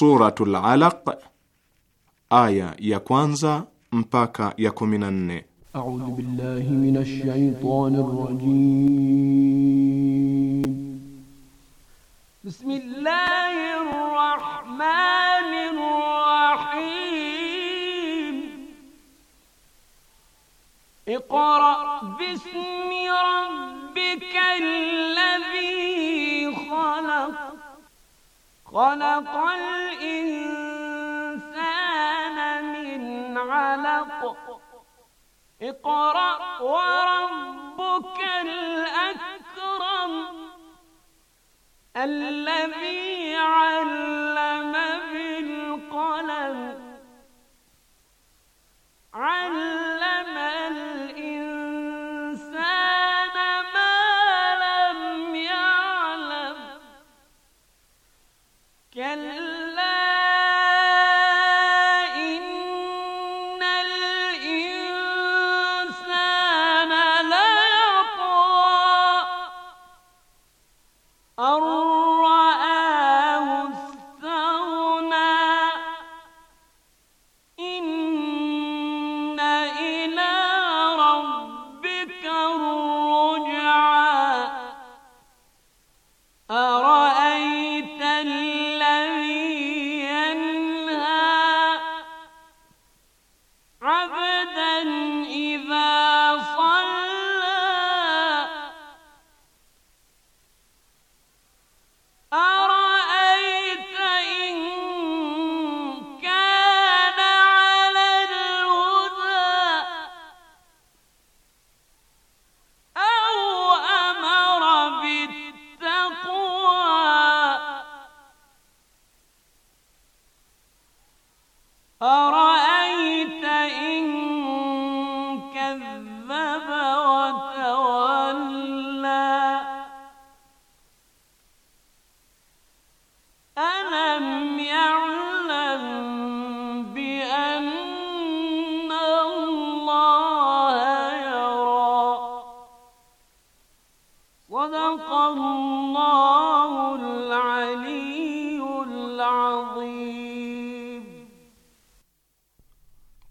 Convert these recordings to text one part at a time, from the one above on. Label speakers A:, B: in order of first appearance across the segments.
A: Suratul Alaq aya ya kwanza mpaka ya 14.
B: A'udhu billahi minash shaitani rrajim الذي علم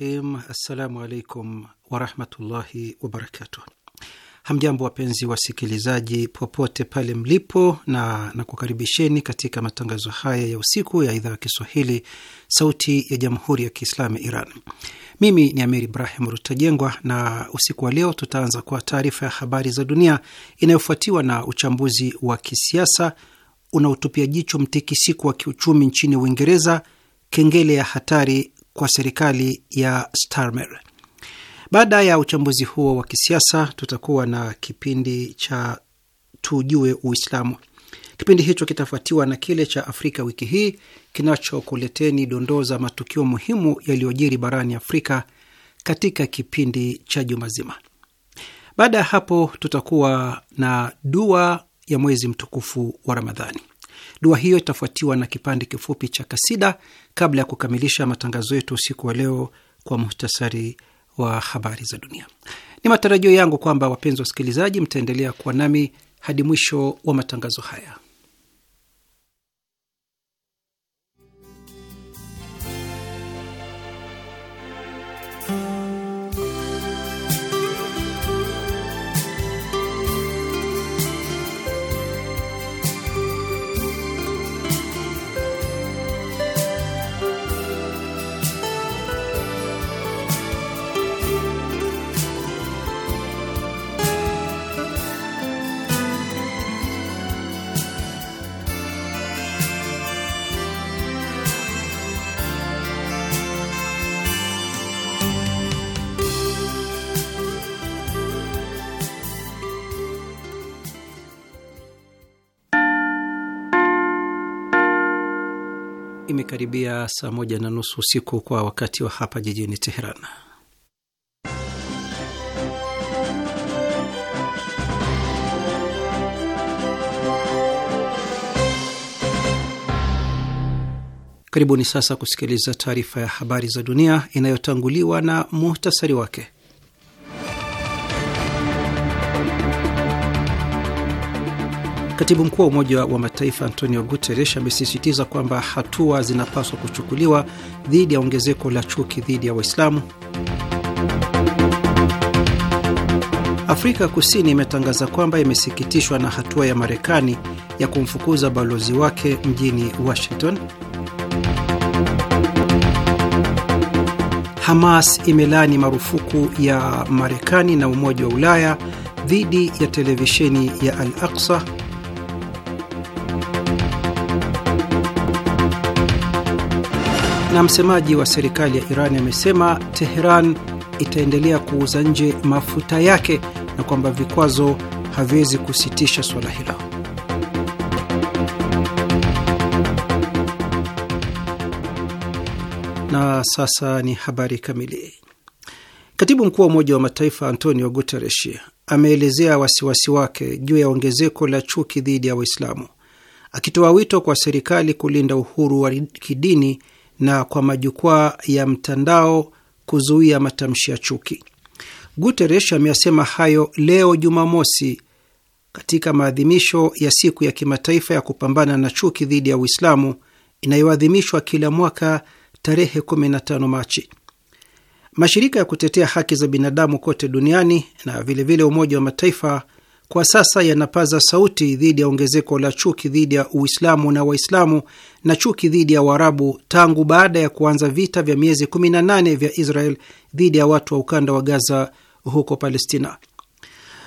C: rahim. Assalamu alaikum warahmatullahi wabarakatuh. Hamjambo wapenzi wasikilizaji, popote pale mlipo, na nakukaribisheni katika matangazo haya ya usiku ya idhaa ya Kiswahili, Sauti ya Jamhuri ya Kiislamu ya Iran. Mimi ni Amir Ibrahim Rutajengwa, na usiku wa leo tutaanza kwa taarifa ya habari za dunia inayofuatiwa na uchambuzi wa kisiasa unaotupia jicho mtikisiko wa kiuchumi nchini Uingereza, kengele ya hatari kwa serikali ya Starmer. Baada ya uchambuzi huo wa kisiasa, tutakuwa na kipindi cha tujue Uislamu. Kipindi hicho kitafuatiwa na kile cha Afrika wiki hii kinachokuleteni dondoo za matukio muhimu yaliyojiri barani Afrika katika kipindi cha juma zima. Baada ya hapo, tutakuwa na dua ya mwezi mtukufu wa Ramadhani. Dua hiyo itafuatiwa na kipande kifupi cha kasida kabla ya kukamilisha matangazo yetu usiku wa leo kwa muhtasari wa habari za dunia. Ni matarajio yangu kwamba wapenzi wa wasikilizaji, mtaendelea kuwa nami hadi mwisho wa matangazo haya. Imekaribia saa moja na nusu usiku kwa wakati wa hapa jijini Teheran. Karibuni sasa kusikiliza taarifa ya habari za dunia inayotanguliwa na muhtasari wake. Katibu mkuu wa Umoja wa Mataifa Antonio Guterres amesisitiza kwamba hatua zinapaswa kuchukuliwa dhidi ya ongezeko la chuki dhidi ya Waislamu. Afrika Kusini imetangaza kwamba imesikitishwa na hatua ya Marekani ya kumfukuza balozi wake mjini Washington. Hamas imelaani marufuku ya Marekani na Umoja wa Ulaya dhidi ya televisheni ya Al Aqsa. na msemaji wa serikali ya Iran amesema Teheran itaendelea kuuza nje mafuta yake na kwamba vikwazo haviwezi kusitisha suala hilo. Na sasa ni habari kamili. Katibu mkuu wa Umoja wa Mataifa Antonio Guterres ameelezea wasiwasi wake juu ya ongezeko la chuki dhidi ya Waislamu, akitoa wito kwa serikali kulinda uhuru wa kidini na kwa majukwaa ya mtandao kuzuia matamshi ya chuki. Guterres ameyasema hayo leo Jumamosi katika maadhimisho ya siku ya kimataifa ya kupambana na chuki dhidi ya Uislamu inayoadhimishwa kila mwaka tarehe 15 Machi. Mashirika ya kutetea haki za binadamu kote duniani na vilevile vile Umoja wa Mataifa kwa sasa yanapaza sauti dhidi ya ongezeko la chuki dhidi ya Uislamu na Waislamu na chuki dhidi ya Waarabu tangu baada ya kuanza vita vya miezi 18 vya Israel dhidi ya watu wa ukanda wa Gaza huko Palestina.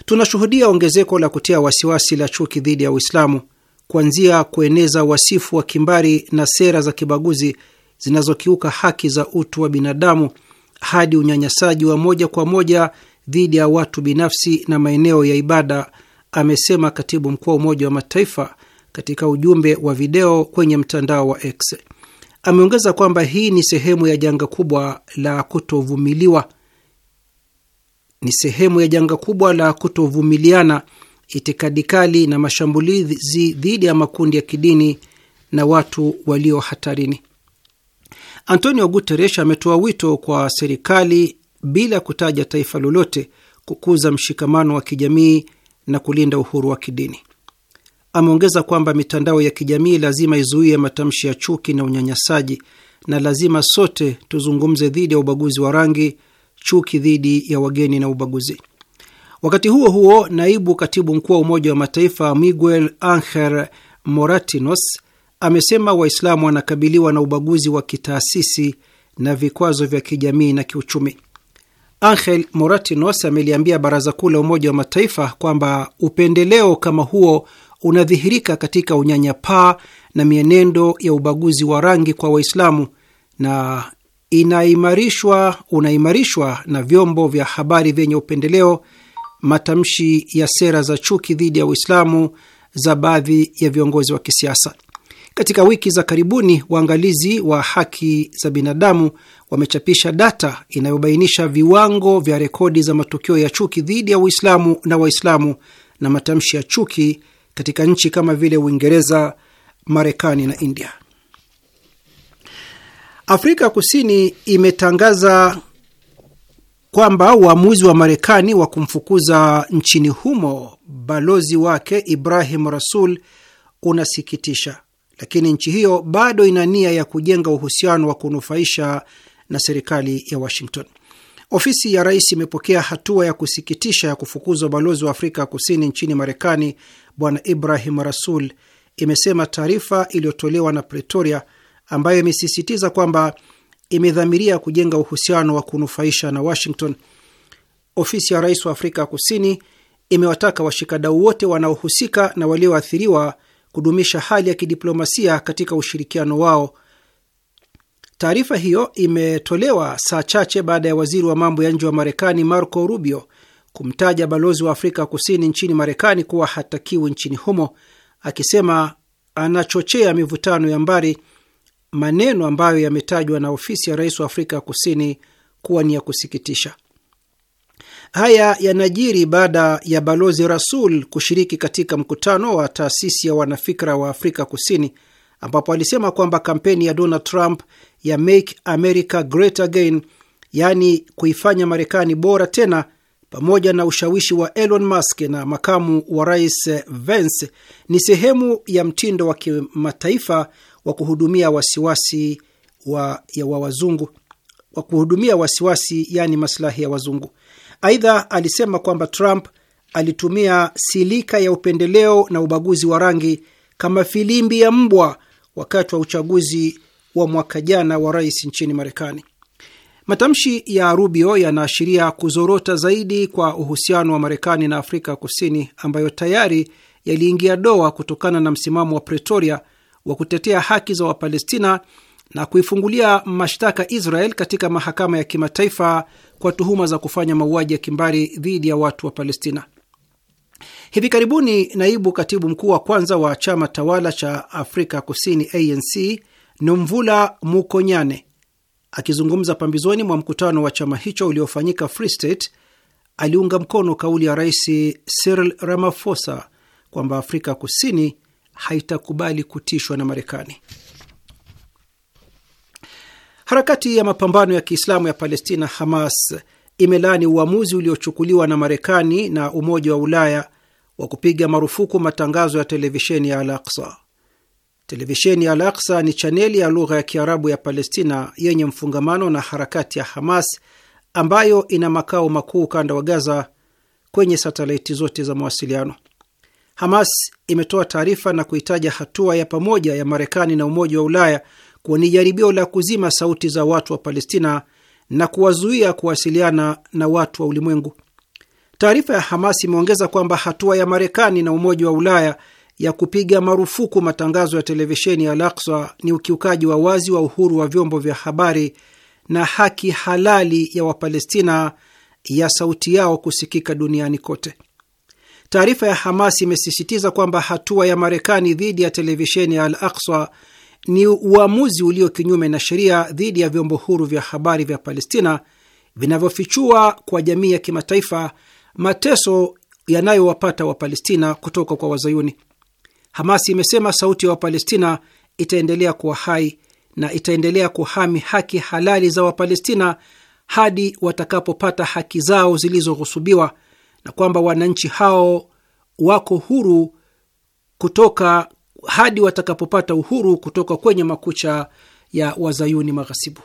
C: Tunashuhudia ongezeko la kutia wasiwasi la chuki dhidi ya Uislamu, kuanzia kueneza wasifu wa kimbari na sera za kibaguzi zinazokiuka haki za utu wa binadamu hadi unyanyasaji wa moja kwa moja dhidi ya watu binafsi na maeneo ya ibada, amesema katibu mkuu wa Umoja wa Mataifa katika ujumbe wa video kwenye mtandao wa X. Ameongeza kwamba hii ni sehemu ya janga kubwa la kutovumiliwa, ni sehemu ya janga kubwa la kutovumiliana, itikadi kali na mashambulizi dhidi ya makundi ya kidini na watu walio hatarini. Antonio Guterres ametoa wito kwa serikali bila kutaja taifa lolote, kukuza mshikamano wa kijamii na kulinda uhuru wa kidini. Ameongeza kwamba mitandao ya kijamii lazima izuie matamshi ya chuki na unyanyasaji, na lazima sote tuzungumze dhidi ya ubaguzi wa rangi, chuki dhidi ya wageni na ubaguzi. Wakati huo huo, naibu katibu mkuu wa Umoja wa Mataifa Miguel Angel Moratinos amesema Waislamu wanakabiliwa na ubaguzi wa kitaasisi na vikwazo vya kijamii na kiuchumi. Angel Moratinos ameliambia Baraza Kuu la Umoja wa Mataifa kwamba upendeleo kama huo unadhihirika katika unyanyapaa na mienendo ya ubaguzi wa rangi kwa Waislamu na inaimarishwa unaimarishwa na vyombo vya habari vyenye upendeleo, matamshi ya sera za chuki dhidi ya Uislamu za baadhi ya viongozi wa kisiasa. Katika wiki za karibuni, waangalizi wa haki za binadamu wamechapisha data inayobainisha viwango vya rekodi za matukio ya chuki dhidi ya Uislamu na Waislamu na matamshi ya chuki katika nchi kama vile Uingereza, Marekani na India. Afrika Kusini imetangaza kwamba uamuzi wa Marekani wa kumfukuza nchini humo balozi wake Ibrahim Rasul unasikitisha, lakini nchi hiyo bado ina nia ya kujenga uhusiano wa kunufaisha na serikali ya Washington. Ofisi ya rais imepokea hatua ya kusikitisha ya kufukuzwa balozi wa Afrika Kusini nchini Marekani, Bwana Ibrahim Rasul, imesema taarifa iliyotolewa na Pretoria, ambayo imesisitiza kwamba imedhamiria kujenga uhusiano wa kunufaisha na Washington. Ofisi ya rais wa Afrika Kusini imewataka washikadau wote wanaohusika na walioathiriwa kudumisha hali ya kidiplomasia katika ushirikiano wao Taarifa hiyo imetolewa saa chache baada ya waziri wa mambo ya nje wa Marekani Marco Rubio kumtaja balozi wa Afrika Kusini nchini Marekani kuwa hatakiwi nchini humo, akisema anachochea mivutano ya mbari, maneno ambayo yametajwa na ofisi ya rais wa Afrika Kusini kuwa ni ya kusikitisha. Haya yanajiri baada ya balozi Rasul kushiriki katika mkutano wa taasisi ya wanafikra wa Afrika Kusini ambapo alisema kwamba kampeni ya Donald Trump ya Make America Great Again, yaani kuifanya Marekani bora tena, pamoja na ushawishi wa Elon Musk na makamu wa rais Vance ni sehemu ya mtindo wa kimataifa wa kuhudumia wasiwasi wa, ya wa wazungu wa kuhudumia wasiwasi, yaani maslahi ya wazungu. Aidha alisema kwamba Trump alitumia silika ya upendeleo na ubaguzi wa rangi kama filimbi ya mbwa wakati wa uchaguzi wa mwaka jana wa rais nchini Marekani. Matamshi ya Rubio yanaashiria kuzorota zaidi kwa uhusiano wa Marekani na Afrika Kusini, ambayo tayari yaliingia doa kutokana na msimamo wa Pretoria wa kutetea haki za Wapalestina na kuifungulia mashtaka Israel katika mahakama ya kimataifa kwa tuhuma za kufanya mauaji ya kimbari dhidi ya watu wa Palestina. Hivi karibuni naibu katibu mkuu wa kwanza wa chama tawala cha Afrika Kusini ANC Nomvula Mukonyane akizungumza pambizoni mwa mkutano wa chama hicho uliofanyika Free State aliunga mkono kauli ya Rais Cyril Ramaphosa kwamba Afrika Kusini haitakubali kutishwa na Marekani. Harakati ya mapambano ya Kiislamu ya Palestina Hamas imelaani uamuzi uliochukuliwa na Marekani na Umoja wa Ulaya wa kupiga marufuku matangazo ya televisheni ya Al Aksa. Televisheni ya Al Aksa ni chaneli ya lugha ya Kiarabu ya Palestina yenye mfungamano na harakati ya Hamas ambayo ina makao makuu ukanda wa Gaza kwenye satelaiti zote za mawasiliano. Hamas imetoa taarifa na kuitaja hatua ya pamoja ya Marekani na Umoja wa Ulaya kuwa ni jaribio la kuzima sauti za watu wa Palestina na kuwazuia kuwasiliana na watu wa ulimwengu. Taarifa ya Hamas imeongeza kwamba hatua ya Marekani na Umoja wa Ulaya ya kupiga marufuku matangazo ya televisheni ya Al-Aqsa ni ukiukaji wa wazi wa uhuru wa vyombo vya habari na haki halali ya Wapalestina ya sauti yao kusikika duniani kote. Taarifa ya Hamas imesisitiza kwamba hatua ya Marekani dhidi ya televisheni ya Al-Aqsa ni uamuzi ulio kinyume na sheria dhidi ya vyombo huru vya habari vya Palestina vinavyofichua kwa jamii ya kimataifa mateso yanayowapata Wapalestina kutoka kwa Wazayuni. Hamasi imesema sauti ya wa Wapalestina itaendelea kuwa hai na itaendelea kuhami haki halali za Wapalestina hadi watakapopata haki zao zilizoghusubiwa na kwamba wananchi hao wako huru kutoka hadi watakapopata uhuru kutoka kwenye makucha ya wazayuni maghasibu.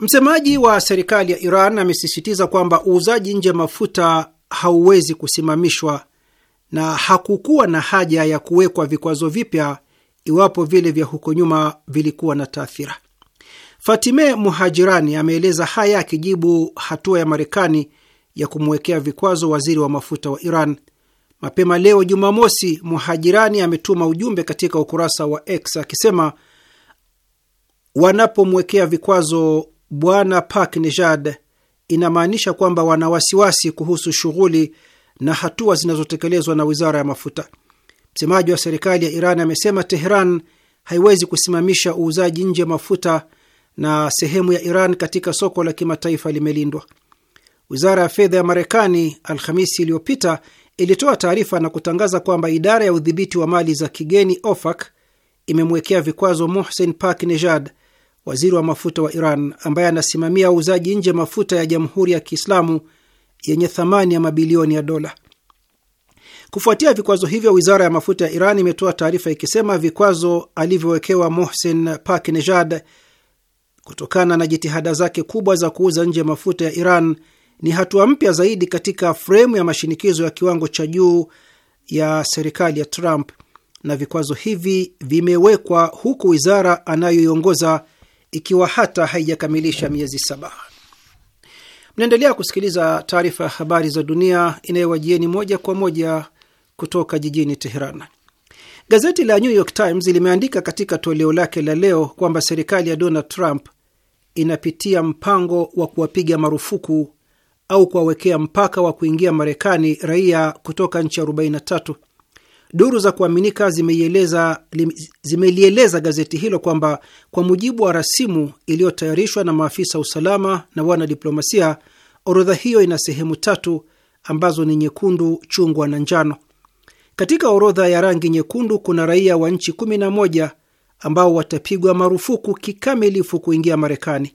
C: Msemaji wa serikali ya Iran amesisitiza kwamba uuzaji nje mafuta hauwezi kusimamishwa na hakukuwa na haja ya kuwekwa vikwazo vipya iwapo vile vya huko nyuma vilikuwa na taathira. Fatime Muhajirani ameeleza haya akijibu hatua ya Marekani ya kumwekea vikwazo waziri wa mafuta wa Iran. Mapema leo Jumamosi, Muhajirani ametuma ujumbe katika ukurasa wa X akisema wanapomwekea vikwazo Bwana Pak Nejad inamaanisha kwamba wana wasiwasi kuhusu shughuli na hatua zinazotekelezwa na wizara ya mafuta. Msemaji wa serikali ya Iran amesema Teheran haiwezi kusimamisha uuzaji nje mafuta na sehemu ya Iran katika soko la kimataifa limelindwa. Wizara ya fedha ya Marekani Alhamisi iliyopita ilitoa taarifa na kutangaza kwamba idara ya udhibiti wa mali za kigeni OFAC imemwekea vikwazo Mohsen Pak Nejad, waziri wa mafuta wa Iran ambaye anasimamia uuzaji nje mafuta ya Jamhuri ya Kiislamu yenye thamani ya mabilioni ya dola. Kufuatia vikwazo hivyo, wizara ya mafuta ya Iran imetoa taarifa ikisema vikwazo alivyowekewa Mohsen Pak Nejad kutokana na jitihada zake kubwa za kuuza nje mafuta ya Iran ni hatua mpya zaidi katika fremu ya mashinikizo ya kiwango cha juu ya serikali ya Trump, na vikwazo hivi vimewekwa huku wizara anayoiongoza ikiwa hata haijakamilisha miezi saba. Mnaendelea kusikiliza taarifa ya habari za dunia inayowajieni moja kwa moja kutoka jijini Teheran. Gazeti la New York Times limeandika katika toleo lake la leo kwamba serikali ya Donald Trump inapitia mpango wa kuwapiga marufuku au kuwawekea mpaka wa kuingia Marekani raia kutoka nchi 43. Duru za kuaminika zimeieleza zimelieleza gazeti hilo kwamba kwa mujibu wa rasimu iliyotayarishwa na maafisa usalama na wanadiplomasia, orodha hiyo ina sehemu tatu ambazo ni nyekundu, chungwa na njano. Katika orodha ya rangi nyekundu kuna raia wa nchi 11 ambao watapigwa marufuku kikamilifu kuingia Marekani.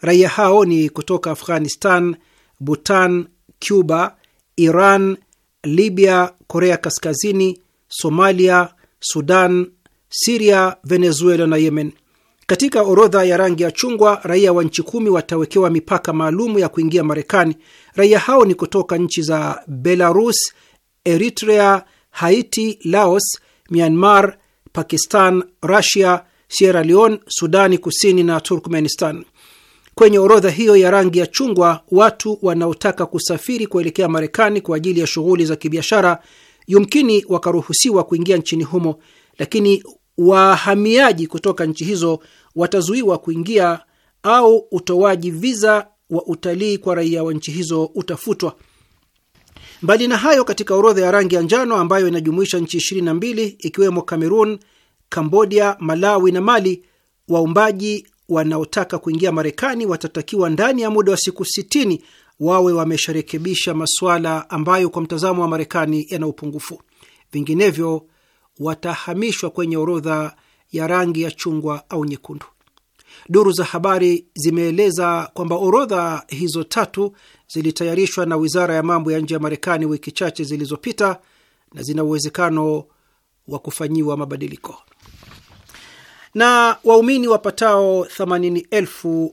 C: Raia hao ni kutoka Afghanistan, Bhutan, Cuba, Iran, Libya, Korea Kaskazini, Somalia, Sudan, Siria, Venezuela na Yemen. Katika orodha ya rangi ya chungwa, raia wa nchi kumi watawekewa mipaka maalum ya kuingia Marekani. Raia hao ni kutoka nchi za Belarus, Eritrea, Haiti, Laos, Myanmar, Pakistan, Russia, Sierra Leone, Sudani Kusini na Turkmenistan. Kwenye orodha hiyo ya rangi ya chungwa, watu wanaotaka kusafiri kuelekea Marekani kwa ajili ya shughuli za kibiashara yumkini wakaruhusiwa kuingia nchini humo, lakini wahamiaji kutoka nchi hizo watazuiwa kuingia au utoaji viza wa utalii kwa raia wa nchi hizo utafutwa. Mbali na hayo, katika orodha ya rangi ya njano ambayo inajumuisha nchi 22 ikiwemo Cameroon, Cambodia, Malawi na Mali, waumbaji wanaotaka kuingia Marekani watatakiwa ndani ya muda wa siku sitini wawe wamesharekebisha masuala ambayo kwa mtazamo wa Marekani yana upungufu, vinginevyo watahamishwa kwenye orodha ya rangi ya chungwa au nyekundu. Duru za habari zimeeleza kwamba orodha hizo tatu zilitayarishwa na wizara ya mambo ya nje ya Marekani wiki chache zilizopita na zina uwezekano wa kufanyiwa mabadiliko na waumini wapatao themanini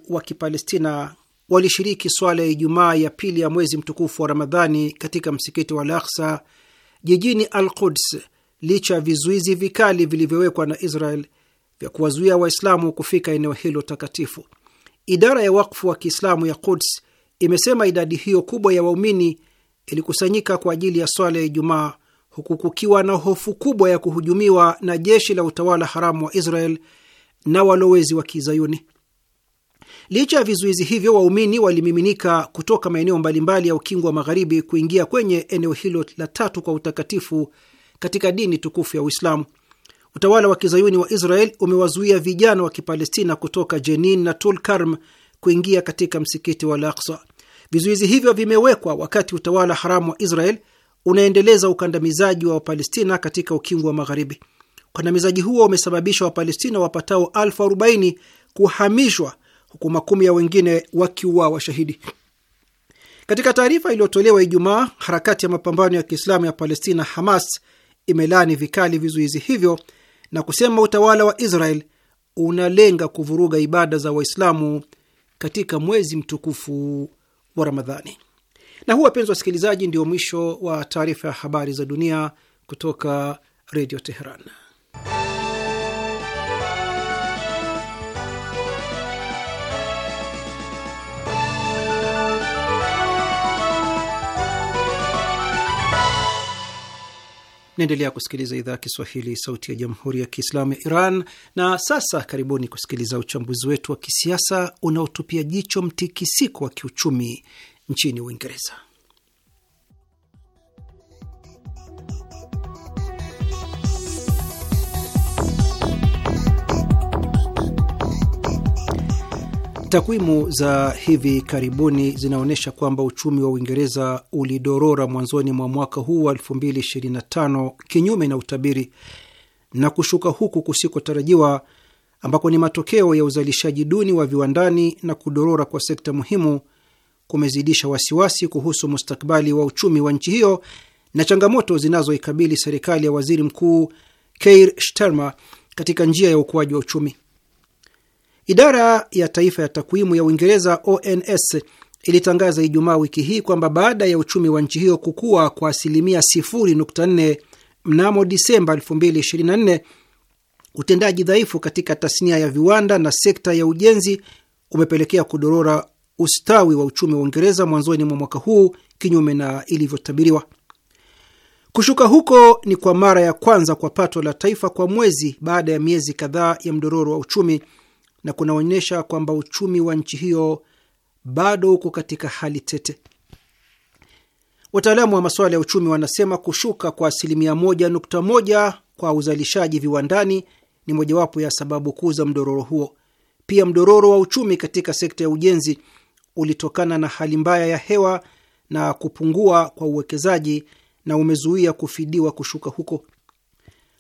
C: wa Kipalestina walishiriki swala ya Ijumaa ya pili ya mwezi mtukufu wa Ramadhani katika msikiti wa Al-Aqsa jijini Al-Quds licha ya vizuizi vikali vilivyowekwa na Israel vya kuwazuia Waislamu kufika eneo hilo takatifu. Idara ya wakfu wa Kiislamu ya Quds imesema idadi hiyo kubwa ya waumini ilikusanyika kwa ajili ya swala ya Ijumaa huku kukiwa na hofu kubwa ya kuhujumiwa na jeshi la utawala haramu wa Israel na walowezi wa Kizayuni. Licha ya vizuizi hivyo, waumini walimiminika kutoka maeneo mbalimbali ya ukingo wa magharibi kuingia kwenye eneo hilo la tatu kwa utakatifu katika dini tukufu ya Uislamu. Utawala wa Kizayuni wa Israel umewazuia vijana wa Kipalestina kutoka Jenin na Tul Karm kuingia katika msikiti wa Al-Aqsa. Vizuizi hivyo vimewekwa wakati utawala haramu wa Israel unaendeleza ukandamizaji wa Wapalestina katika ukingo wa Magharibi. Ukandamizaji huo umesababisha Wapalestina wapatao elfu arobaini kuhamishwa huku makumi ya wengine wakiuawa washahidi Katika taarifa iliyotolewa Ijumaa, harakati ya mapambano ya Kiislamu ya Palestina, Hamas, imelaani vikali vizuizi hivyo na kusema utawala wa Israel unalenga kuvuruga ibada za Waislamu katika mwezi mtukufu wa Ramadhani. Na huu, wapenzi wasikilizaji, ndio mwisho wa taarifa ya habari za dunia kutoka Redio Teheran. Naendelea kusikiliza idhaa ya Kiswahili, sauti ya jamhuri ya kiislamu ya Iran. Na sasa karibuni kusikiliza uchambuzi wetu wa kisiasa unaotupia jicho mtikisiko wa kiuchumi nchini Uingereza. Takwimu za hivi karibuni zinaonyesha kwamba uchumi wa Uingereza ulidorora mwanzoni mwa mwaka huu wa 2025 kinyume na utabiri na kushuka huku kusikotarajiwa ambako ni matokeo ya uzalishaji duni wa viwandani na kudorora kwa sekta muhimu kumezidisha wasiwasi kuhusu mustakabali wa uchumi wa nchi hiyo na changamoto zinazoikabili serikali ya waziri mkuu Keir Starmer katika njia ya ukuaji wa uchumi. Idara ya Taifa ya Takwimu ya Uingereza, ONS, ilitangaza Ijumaa wiki hii kwamba baada ya uchumi wa nchi hiyo kukua kwa asilimia 0.4 mnamo Disemba 2024, utendaji dhaifu katika tasnia ya viwanda na sekta ya ujenzi umepelekea kudorora ustawi wa uchumi wa Uingereza mwanzoni mwa mwaka huu, kinyume na ilivyotabiriwa. Kushuka huko ni kwa mara ya kwanza kwa pato la taifa kwa mwezi baada ya miezi kadhaa ya mdororo wa uchumi na kunaonyesha kwamba uchumi wa nchi hiyo bado uko katika hali tete. Wataalamu wa masuala ya uchumi wanasema kushuka kwa asilimia moja nukta moja kwa uzalishaji viwandani ni mojawapo ya sababu kuu za mdororo huo. Pia mdororo wa uchumi katika sekta ya ujenzi ulitokana na hali mbaya ya hewa na kupungua kwa uwekezaji na umezuia kufidiwa kushuka huko.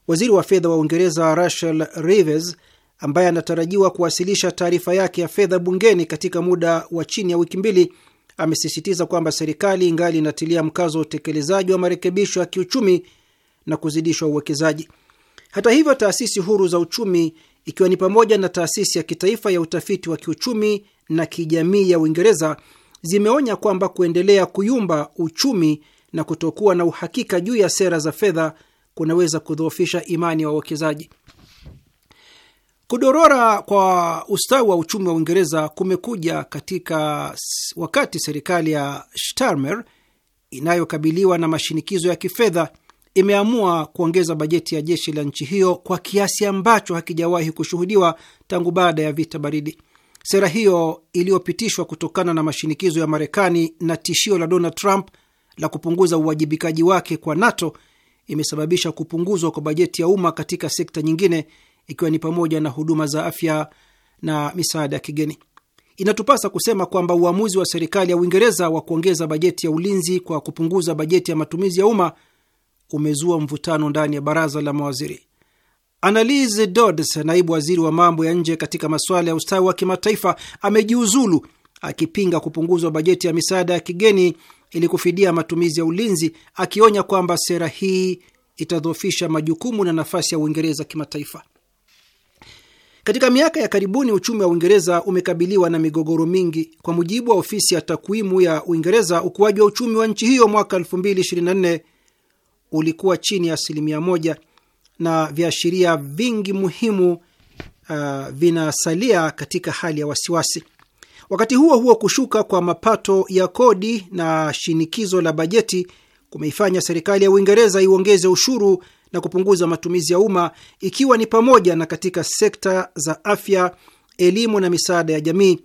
C: Waziri wa fedha wa Uingereza Rachel Reeves, ambaye anatarajiwa kuwasilisha taarifa yake ya fedha bungeni katika muda wa chini ya wiki mbili, amesisitiza kwamba serikali ingali inatilia mkazo wa utekelezaji wa marekebisho ya kiuchumi na kuzidishwa uwekezaji. Hata hivyo, taasisi huru za uchumi ikiwa ni pamoja na taasisi ya kitaifa ya utafiti wa kiuchumi na kijamii ya Uingereza zimeonya kwamba kuendelea kuyumba uchumi na kutokuwa na uhakika juu ya sera za fedha kunaweza kudhoofisha imani ya wa wawekezaji. Kudorora kwa ustawi wa uchumi wa Uingereza kumekuja katika wakati serikali ya Starmer inayokabiliwa na mashinikizo ya kifedha imeamua kuongeza bajeti ya jeshi la nchi hiyo kwa kiasi ambacho hakijawahi kushuhudiwa tangu baada ya vita baridi. Sera hiyo iliyopitishwa kutokana na mashinikizo ya Marekani na tishio la Donald Trump la kupunguza uwajibikaji wake kwa NATO imesababisha kupunguzwa kwa bajeti ya umma katika sekta nyingine, ikiwa ni pamoja na huduma za afya na misaada ya kigeni. Inatupasa kusema kwamba uamuzi wa serikali ya Uingereza wa kuongeza bajeti ya ulinzi kwa kupunguza bajeti ya matumizi ya umma umezua mvutano ndani ya baraza la mawaziri. Annalise Dodds, naibu waziri wa mambo ya nje katika masuala ya ustawi wa kimataifa, amejiuzulu akipinga kupunguzwa bajeti ya misaada ya kigeni ili kufidia matumizi ya ulinzi, akionya kwamba sera hii itadhoofisha majukumu na nafasi ya Uingereza kimataifa. Katika miaka ya karibuni uchumi wa Uingereza umekabiliwa na migogoro mingi. Kwa mujibu wa ofisi ya takwimu ya Uingereza, ukuaji wa uchumi wa nchi hiyo mwaka ulikuwa chini ya asilimia moja na viashiria vingi muhimu uh, vinasalia katika hali ya wasiwasi. Wakati huo huo, kushuka kwa mapato ya kodi na shinikizo la bajeti kumeifanya serikali ya Uingereza iongeze ushuru na kupunguza matumizi ya umma, ikiwa ni pamoja na katika sekta za afya, elimu na misaada ya jamii.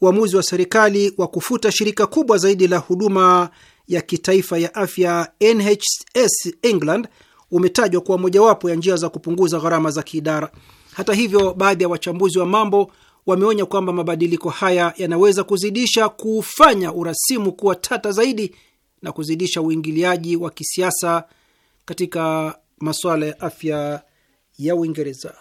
C: Uamuzi wa serikali wa kufuta shirika kubwa zaidi la huduma ya kitaifa ya afya NHS England umetajwa kuwa mojawapo ya njia za kupunguza gharama za kiidara. Hata hivyo, baadhi ya wachambuzi wa mambo wameonya kwamba mabadiliko haya yanaweza kuzidisha kufanya urasimu kuwa tata zaidi na kuzidisha uingiliaji wa kisiasa katika masuala ya afya ya Uingereza.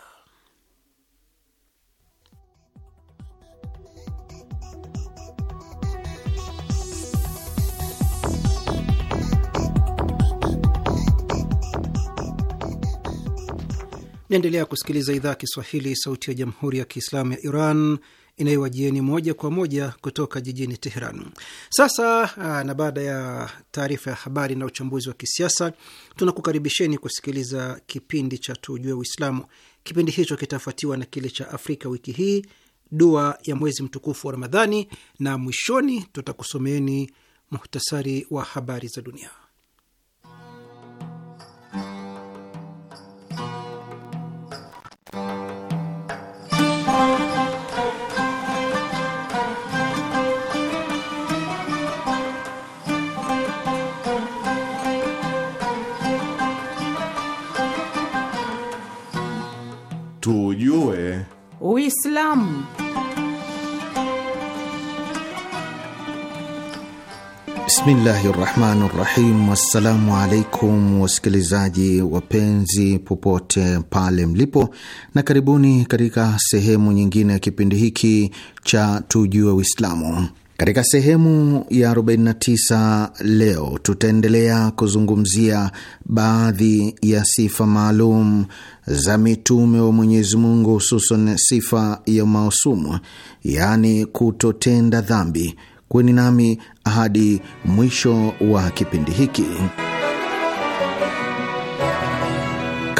C: Naendelea kusikiliza idhaa ya Kiswahili, sauti ya jamhuri ya kiislamu ya Iran inayowajieni moja kwa moja kutoka jijini Teheran. Sasa ah, na baada ya taarifa ya habari na uchambuzi wa kisiasa, tunakukaribisheni kusikiliza kipindi cha tujue Uislamu. Kipindi hicho kitafuatiwa na kile cha Afrika wiki hii, dua ya mwezi mtukufu wa Ramadhani, na mwishoni tutakusomeeni muhtasari wa habari za dunia.
A: tujue Uislamu.
D: Bismillahi rahmani rahim. Wassalamu alaikum wasikilizaji wapenzi popote pale mlipo, na karibuni katika sehemu nyingine ya kipindi hiki cha tujue Uislamu. Katika sehemu ya 49 leo tutaendelea kuzungumzia baadhi ya sifa maalum za mitume wa Mwenyezi Mungu, hususan sifa ya mausumu, yaani kutotenda dhambi. Kweni nami hadi mwisho wa kipindi hiki.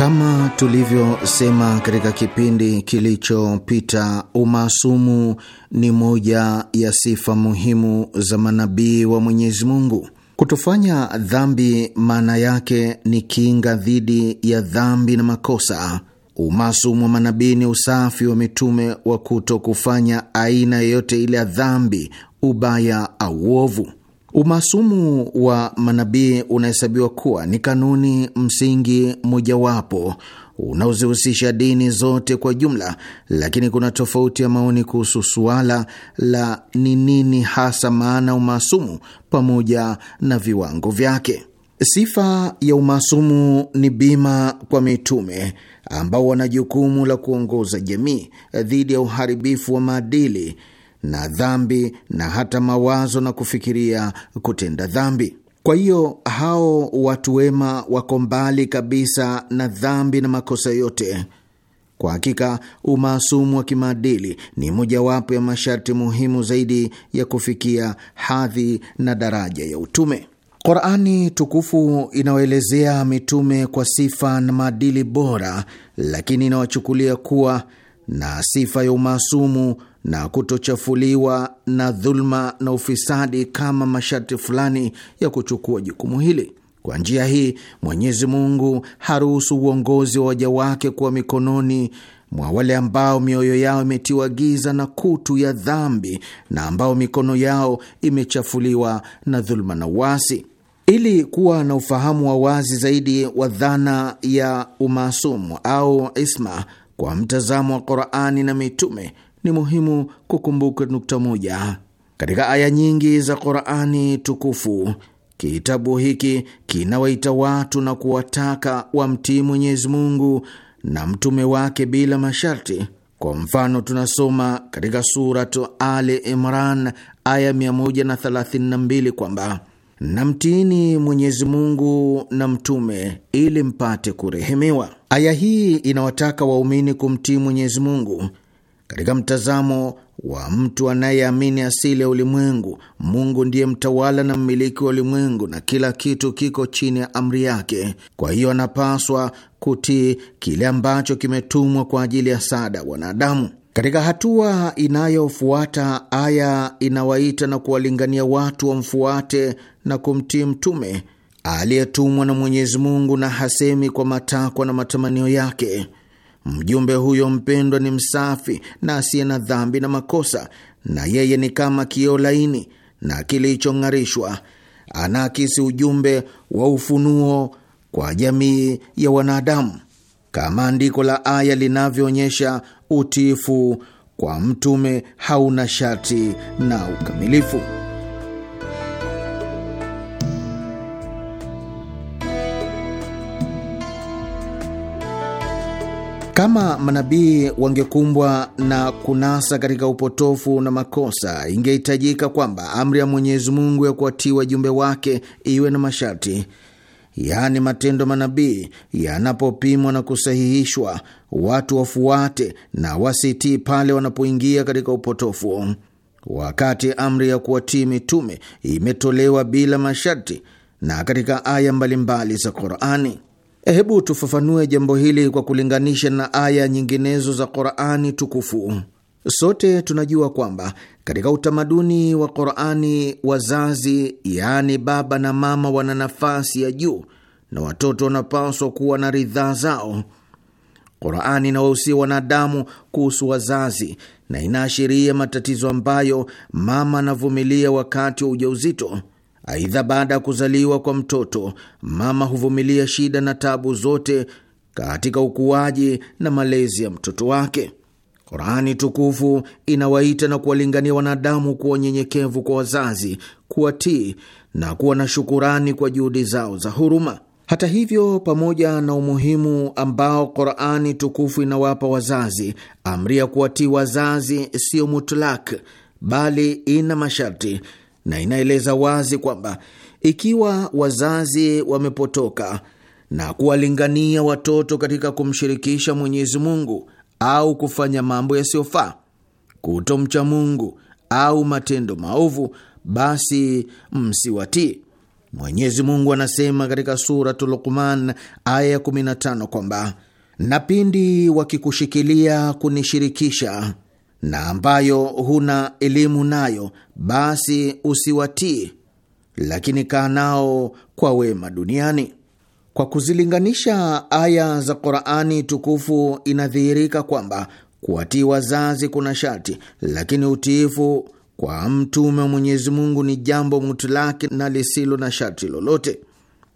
D: Kama tulivyosema katika kipindi kilichopita, umaasumu ni moja ya sifa muhimu za manabii wa Mwenyezi Mungu. Kutofanya dhambi maana yake ni kinga dhidi ya dhambi na makosa. Umaasumu wa manabii ni usafi wa mitume wa kuto kufanya aina yoyote ile ya dhambi, ubaya au uovu. Umaasumu wa manabii unahesabiwa kuwa ni kanuni msingi mojawapo unaozihusisha dini zote kwa jumla, lakini kuna tofauti ya maoni kuhusu suala la ni nini hasa maana umaasumu pamoja na viwango vyake. Sifa ya umaasumu ni bima kwa mitume ambao wana jukumu la kuongoza jamii dhidi ya uharibifu wa maadili na dhambi na hata mawazo na kufikiria kutenda dhambi. Kwa hiyo hao watu wema wako mbali kabisa na dhambi na makosa yote. Kwa hakika umaasumu wa kimaadili ni mojawapo ya masharti muhimu zaidi ya kufikia hadhi na daraja ya utume. Qurani tukufu inawaelezea mitume kwa sifa na maadili bora, lakini inawachukulia kuwa na sifa ya umaasumu na kutochafuliwa na dhuluma na ufisadi kama masharti fulani ya kuchukua jukumu hili. Kwa njia hii, Mwenyezi Mungu haruhusu uongozi wa waja wake kuwa mikononi mwa wale ambao mioyo yao imetiwa giza na kutu ya dhambi na ambao mikono yao imechafuliwa na dhuluma na uasi. Ili kuwa na ufahamu wa wazi zaidi wa dhana ya umaasumu au isma kwa mtazamo wa Qur'ani na mitume ni muhimu kukumbuka nukta moja. Katika aya nyingi za Qurani tukufu kitabu hiki kinawaita watu na kuwataka wamtii Mwenyezi Mungu na mtume wake bila masharti. Kwa mfano, tunasoma katika Surat Ali Imran aya 132 kwamba namtiini Mwenyezi Mungu na mtume ili mpate kurehemiwa. Aya hii inawataka waumini kumtii Mwenyezi Mungu katika mtazamo wa mtu anayeamini asili ya ulimwengu, Mungu ndiye mtawala na mmiliki wa ulimwengu na kila kitu kiko chini ya amri yake. Kwa hiyo anapaswa kutii kile ambacho kimetumwa kwa ajili ya sada wanadamu. Katika hatua inayofuata, aya inawaita na kuwalingania watu wamfuate na kumtii mtume aliyetumwa na Mwenyezi Mungu, na hasemi kwa matakwa na matamanio yake Mjumbe huyo mpendwa ni msafi na asiye na dhambi na makosa, na yeye ni kama kioo laini na kilichong'arishwa. Anaakisi ujumbe wa ufunuo kwa jamii ya wanadamu, kama andiko la aya linavyoonyesha. Utiifu kwa mtume hauna sharti na ukamilifu. Kama manabii wangekumbwa na kunasa katika upotofu na makosa, ingehitajika kwamba amri ya Mwenyezi Mungu ya kuwatii wajumbe wake iwe na masharti. Yaani, matendo manabii yanapopimwa na kusahihishwa, watu wafuate na wasitii pale wanapoingia katika upotofu. Wakati amri ya kuwatii mitume imetolewa bila masharti na katika aya mbalimbali za Qur'ani Eh, hebu tufafanue jambo hili kwa kulinganisha na aya nyinginezo za Qurani tukufu. Sote tunajua kwamba katika utamaduni wa Qurani wazazi, yaani baba na mama, wana nafasi ya juu na watoto wanapaswa kuwa na ridhaa zao. Qurani inawahusia wanadamu kuhusu wazazi na inaashiria matatizo ambayo mama anavumilia wakati wa ujauzito. Aidha, baada ya kuzaliwa kwa mtoto, mama huvumilia shida na tabu zote katika ukuaji na malezi ya mtoto wake. Qurani tukufu inawaita na kuwalingania wanadamu kuwa unyenyekevu kwa wazazi, kuwatii na kuwa na shukurani kwa juhudi zao za huruma. Hata hivyo, pamoja na umuhimu ambao Qurani tukufu inawapa wazazi, amri ya kuwatii wazazi siyo mutlak, bali ina masharti na inaeleza wazi kwamba ikiwa wazazi wamepotoka na kuwalingania watoto katika kumshirikisha Mwenyezi Mungu au kufanya mambo yasiyofaa, kutomcha Mungu au matendo maovu, basi msiwatii. Mwenyezi Mungu anasema katika Suratu Luqman aya ya 15 kwamba na pindi wakikushikilia kunishirikisha na ambayo huna elimu nayo, basi usiwatii, lakini kaa nao kwa wema duniani. Kwa kuzilinganisha aya za Qurani tukufu, inadhihirika kwamba kuwatii wazazi kuna sharti, lakini utiifu kwa mtume wa Mwenyezi Mungu ni jambo mutlaki na lisilo na sharti lolote.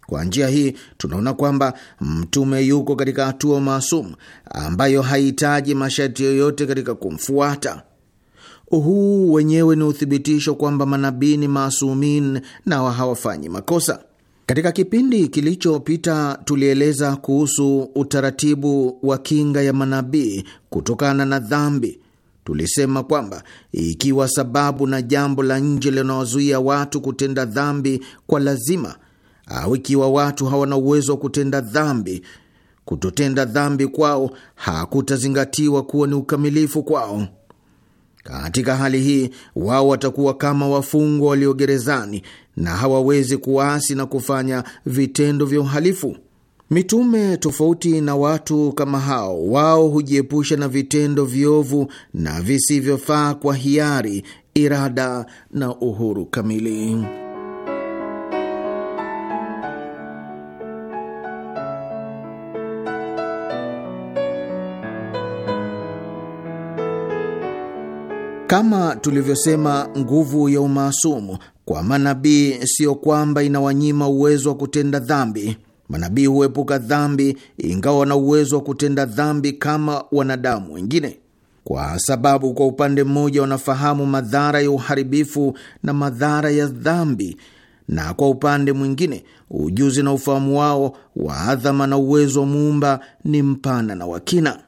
D: Kwa njia hii tunaona kwamba mtume yuko katika hatua maasum ambayo hahitaji masharti yoyote katika kumfuata.
C: Huu
D: wenyewe ni uthibitisho kwamba manabii ni maasumin na hawafanyi makosa. Katika kipindi kilichopita tulieleza kuhusu utaratibu wa kinga ya manabii kutokana na dhambi. Tulisema kwamba ikiwa sababu na jambo la nje linawazuia watu kutenda dhambi kwa lazima au ikiwa watu hawana uwezo wa kutenda dhambi, kutotenda dhambi kwao hakutazingatiwa kuwa ni ukamilifu kwao. Katika hali hii, wao watakuwa kama wafungwa walio gerezani na hawawezi kuasi na kufanya vitendo vya uhalifu. Mitume, tofauti na watu kama hao, wao hujiepusha na vitendo viovu na visivyofaa kwa hiari, irada na uhuru kamili. Kama tulivyosema, nguvu ya umaasumu kwa manabii siyo kwamba inawanyima uwezo wa kutenda dhambi. Manabii huepuka dhambi, ingawa wana uwezo wa kutenda dhambi kama wanadamu wengine, kwa sababu kwa upande mmoja wanafahamu madhara ya uharibifu na madhara ya dhambi, na kwa upande mwingine ujuzi na ufahamu wao wa adhama na uwezo wa muumba ni mpana na wakina.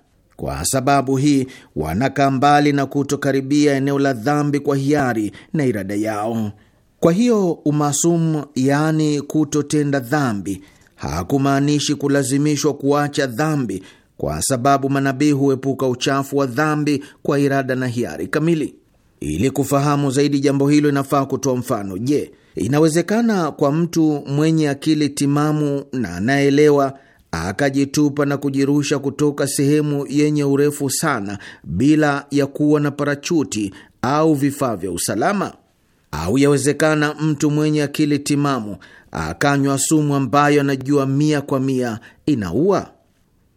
D: Kwa sababu hii wanakaa mbali na kutokaribia eneo la dhambi kwa hiari na irada yao. Kwa hiyo umasumu, yaani kutotenda dhambi, hakumaanishi kulazimishwa kuacha dhambi, kwa sababu manabii huepuka uchafu wa dhambi kwa irada na hiari kamili. Ili kufahamu zaidi jambo hilo, inafaa kutoa mfano. Je, inawezekana kwa mtu mwenye akili timamu na anayeelewa akajitupa na kujirusha kutoka sehemu yenye urefu sana bila ya kuwa na parachuti au vifaa vya usalama? Au yawezekana mtu mwenye akili timamu akanywa sumu ambayo anajua mia kwa mia inaua?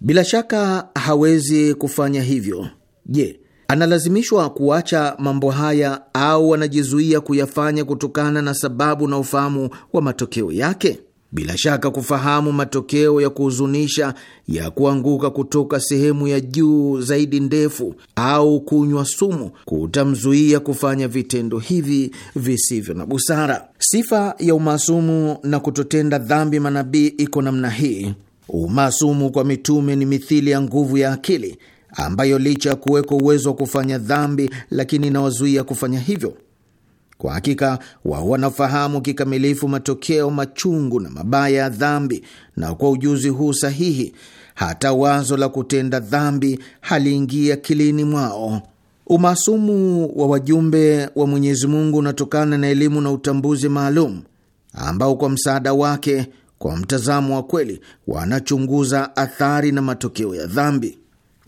D: Bila shaka hawezi kufanya hivyo. Je, analazimishwa kuacha mambo haya au anajizuia kuyafanya kutokana na sababu na ufahamu wa matokeo yake? Bila shaka kufahamu matokeo ya kuhuzunisha ya kuanguka kutoka sehemu ya juu zaidi ndefu au kunywa sumu kutamzuia kufanya vitendo hivi visivyo na busara. Sifa ya umaasumu na kutotenda dhambi manabii iko namna hii. Umaasumu kwa mitume ni mithili ya nguvu ya akili ambayo licha ya kuwekwa uwezo wa kufanya dhambi, lakini inawazuia kufanya hivyo. Kwa hakika wao wanafahamu kikamilifu matokeo machungu na mabaya ya dhambi, na kwa ujuzi huu sahihi, hata wazo la kutenda dhambi haliingia kilini mwao. Umaasumu wa wajumbe wa Mwenyezi Mungu unatokana na elimu na utambuzi maalum ambao kwa msaada wake, kwa mtazamo wa kweli, wanachunguza athari na matokeo ya dhambi.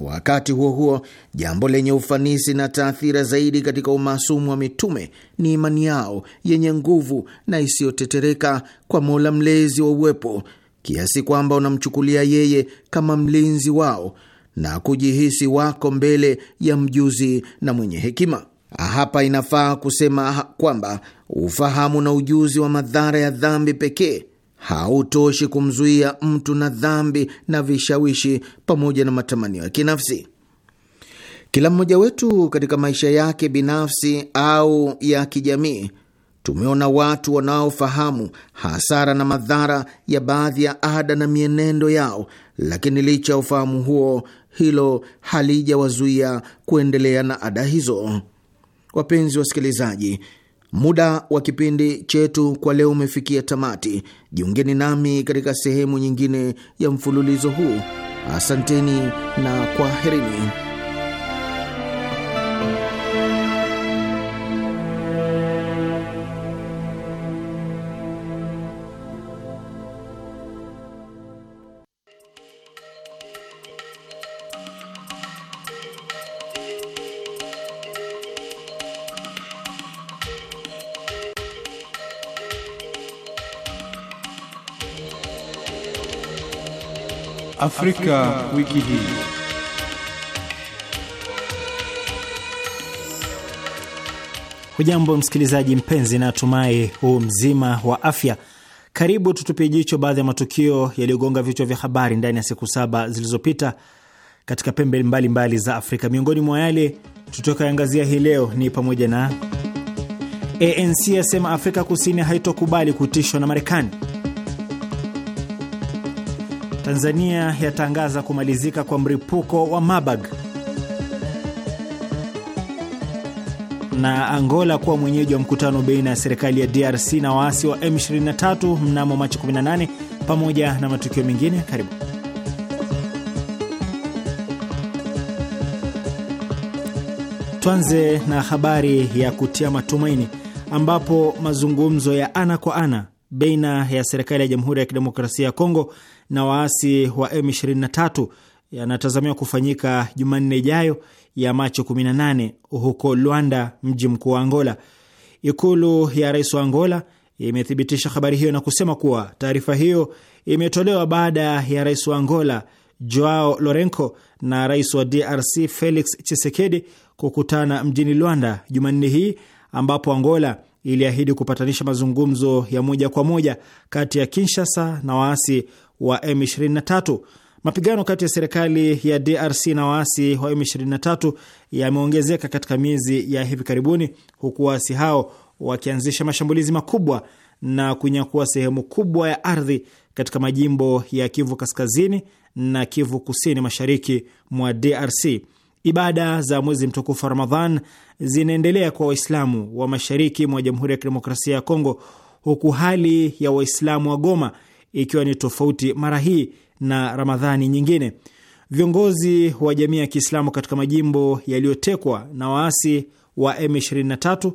D: Wakati huo huo, jambo lenye ufanisi na taathira zaidi katika umaasumu wa mitume ni imani yao yenye nguvu na isiyotetereka kwa Mola mlezi wa uwepo, kiasi kwamba unamchukulia yeye kama mlinzi wao na kujihisi wako mbele ya mjuzi na mwenye hekima. Hapa inafaa kusema kwamba ufahamu na ujuzi wa madhara ya dhambi pekee hautoshi kumzuia mtu na dhambi na vishawishi pamoja na matamanio ya kinafsi. Kila mmoja wetu katika maisha yake binafsi au ya kijamii tumeona watu wanaofahamu hasara na madhara ya baadhi ya ada na mienendo yao, lakini licha ya ufahamu huo, hilo halijawazuia kuendelea na ada hizo. Wapenzi wasikilizaji, Muda wa kipindi chetu kwa leo umefikia tamati. Jiungeni nami katika sehemu nyingine ya mfululizo huu. Asanteni na kwaherini.
E: Afrika, wiki hii.
F: Hujambo msikilizaji mpenzi, na tumai huu mzima wa afya. Karibu tutupie jicho baadhi ya matukio yaliyogonga vichwa vya habari ndani ya siku saba zilizopita katika pembe mbalimbali mbali za Afrika. Miongoni mwa yale tutakayoangazia hii leo ni pamoja na ANC yasema Afrika Kusini haitokubali kutishwa na Marekani. Tanzania yatangaza kumalizika kwa mripuko wa Marburg, na Angola kuwa mwenyeji wa mkutano baina ya serikali ya DRC na waasi wa M23 mnamo Machi 18, pamoja na matukio mengine. Karibu. Tuanze na habari ya kutia matumaini ambapo mazungumzo ya ana kwa ana baina ya serikali ya Jamhuri ya Kidemokrasia ya Kongo na waasi wa M23 yanatazamiwa kufanyika Jumanne ijayo ya Machi 18 huko Luanda, mji mkuu wa Angola. Ikulu ya rais wa Angola imethibitisha habari hiyo na kusema kuwa taarifa hiyo imetolewa baada ya rais wa Angola Joao Lorenco na rais wa DRC Felix Tshisekedi kukutana mjini Luanda Jumanne hii ambapo Angola iliahidi kupatanisha mazungumzo ya moja kwa moja kati ya Kinshasa na waasi wa M23. Mapigano kati ya serikali ya DRC na waasi wa M23 yameongezeka katika miezi ya hivi karibuni, huku waasi hao wakianzisha mashambulizi makubwa na kunyakua sehemu kubwa ya ardhi katika majimbo ya Kivu Kaskazini na Kivu Kusini mashariki mwa DRC. Ibada za mwezi mtukufu wa Ramadhan zinaendelea kwa Waislamu wa mashariki mwa Jamhuri ya Kidemokrasia ya Kongo, huku hali ya Waislamu wa Goma ikiwa ni tofauti mara hii na Ramadhani nyingine. Viongozi wa jamii ya Kiislamu katika majimbo yaliyotekwa na waasi wa M23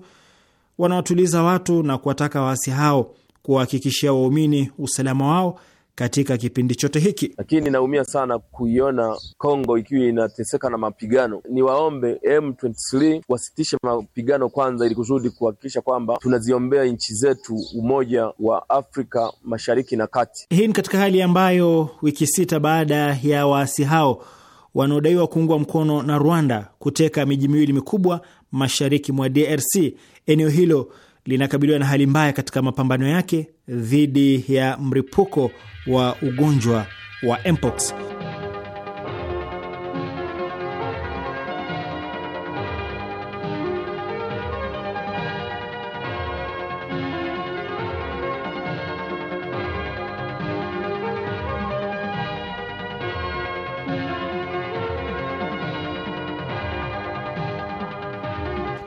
F: wanawatuliza watu na kuwataka waasi hao kuwahakikishia waumini usalama
A: wao katika kipindi chote hiki, lakini naumia sana kuiona Kongo ikiwa inateseka na mapigano. Niwaombe M23 wasitishe mapigano kwanza, ili kusudi kuhakikisha kwamba tunaziombea nchi zetu umoja wa Afrika Mashariki na Kati.
F: Hii ni katika hali ambayo wiki sita baada ya waasi hao wanaodaiwa kuungwa mkono na Rwanda kuteka miji miwili mikubwa mashariki mwa DRC eneo hilo linakabiliwa na hali mbaya katika mapambano yake dhidi ya mripuko wa ugonjwa wa mpox.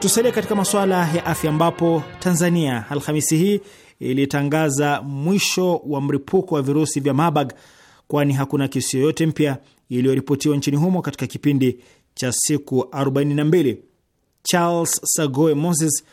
F: Tusalie katika masuala ya afya, ambapo Tanzania Alhamisi hii ilitangaza mwisho wa mlipuko wa virusi vya Marburg, kwani hakuna kesi yoyote mpya iliyoripotiwa nchini humo katika kipindi cha siku 42. Charles Sagoe Moses,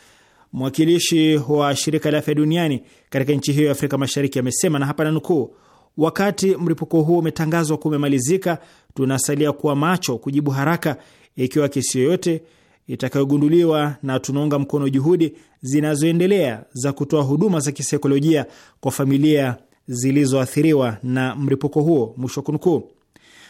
F: mwakilishi wa shirika la afya duniani katika nchi hiyo ya Afrika Mashariki, amesema na hapa nanukuu: nukuu: wakati mlipuko huo umetangazwa kumemalizika, tunasalia kuwa macho kujibu haraka ikiwa kesi yoyote itakayogunduliwa na tunaunga mkono juhudi zinazoendelea za kutoa huduma za kisaikolojia kwa familia zilizoathiriwa na mlipuko huo, mwisho kunukuu.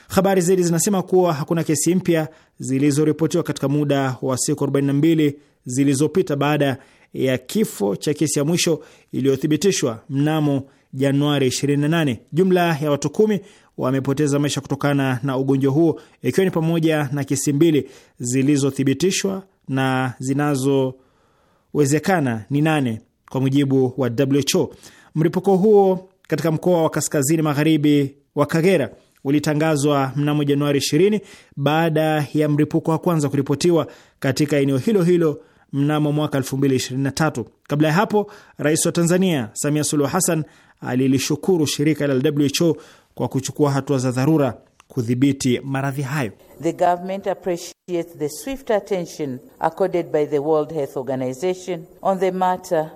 F: Habari zaidi zinasema kuwa hakuna kesi mpya zilizoripotiwa katika muda wa siku 42 zilizopita baada ya kifo cha kesi ya mwisho iliyothibitishwa mnamo Januari 28. Jumla ya watu kumi wamepoteza maisha kutokana na ugonjwa huo, ikiwa ni pamoja na kesi mbili zilizothibitishwa na zinazowezekana ni nane kwa mujibu wa WHO. Mlipuko huo katika mkoa wa kaskazini magharibi wa Kagera ulitangazwa mnamo Januari 20 baada ya mlipuko wa kwanza kuripotiwa katika eneo hilo hilo mnamo mwaka 2023. Kabla ya hapo, Rais wa Tanzania Samia Suluhu Hassan alilishukuru shirika la WHO kwa kuchukua hatua za dharura kudhibiti maradhi hayo.
D: The government appreciates the swift attention accorded by the World Health Organization on the matter.